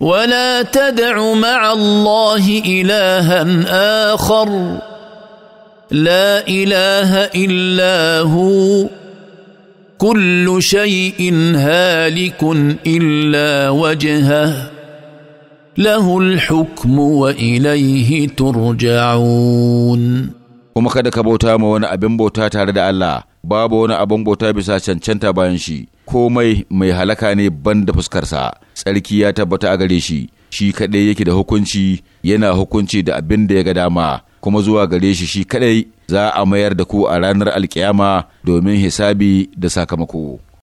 ولا تدع مع الله الها اخر لا اله الا هو كل شيء هالك الا وجهه له الحكم واليه ترجعون kuma kada ka bauta ma wani abin bauta tare da Allah babu wani abin bauta bisa cancanta bayan shi komai mai halaka ne ban da fuskarsa tsarki ya tabbata a gare shi shi kaɗai yake da hukunci yana hukunci da abin da ya ga dama kuma zuwa gare shi shi kaɗai za a mayar da ku a ranar alkiyama domin hisabi da sakamako